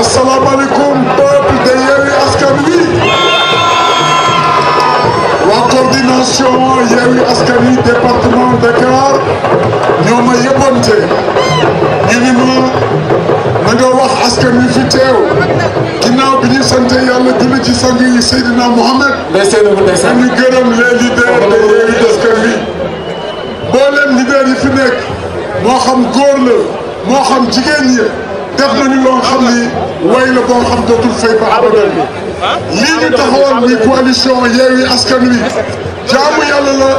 asalaamaaleykum peuple de Yewwi Askan Wi waa coordination Yewwi Askan Wi département Dakar ñoo ma yëbbante ñu ni ma na nga wax askan wi fi teew ginnaaw bi ñu sant yàlla julli ci sang yi Seydina Mohamed dañu gërëm les leaders de Yewwi Askan Wi boo yi fi nekk moo xam góor la ñi def nañu loo xam ni way la boo xam dootul fay ba abadan lii ñu taxawal muy coalition Yewwi Askan Wi jaamu yàlla la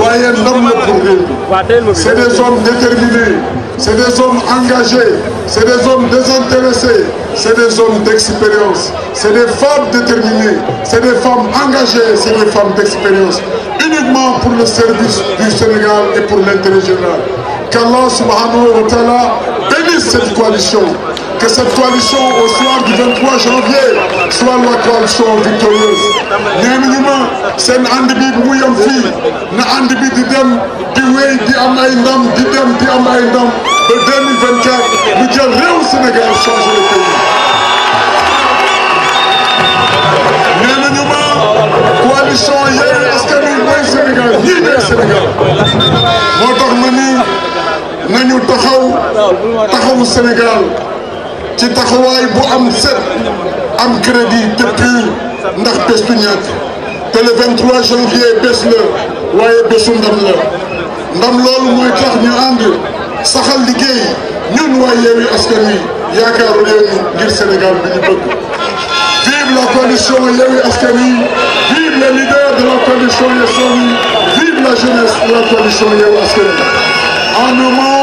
waaye ndam la pour réew mi c'est des hommes déterminés c'est des hommes engagés c'est des hommes désintéressés c'est des hommes d'expérience c'est des femmes déterminées c'est des femmes engagées c'est des femmes d'expérience uniquement pour le service du Sénégal et pour l'intérêt général qu'Allah subhanahu wa ta'ala cette coalition. Que cette coalition, au soir du 23 janvier, soit la coalition victorieuse. ñooñu ma seen ànd bi bu mu yem fii na ànd bi di dem di wéy di am ay ndam di dem di am ay ndam ba 2024 ñu jël réew Sénégal changé le pays. taxawu Sénégal ci taxawaay bu am set am crédit te pur ndax bés du ñàkk te le 23 janvier waaye bésu ndam la loolu mooy tax ñu ànd saxal liggéey ñun waa Yewwi Askan Wi yaakaaru réew mi ngir Sénégal bi ñu bëgg vive la coalition Yewwi Askan Wi vive les leaders la coalition Yewwi Askan Wi la jeunesse la coalition Yewwi Askan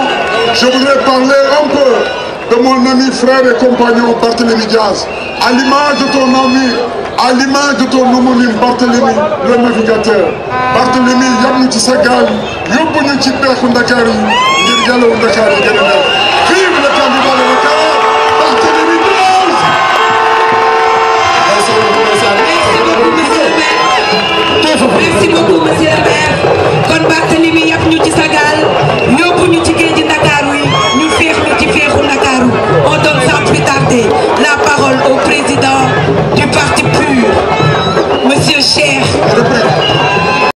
Je voudrais parler un peu de mon ami, frère et compagnon Barthélémy Diaz, à l'image de ton le navigateur. Barthélémy, yam ñu sa gaal yóbbu ñu ci peexu Ndakaar yi ngir yàllawu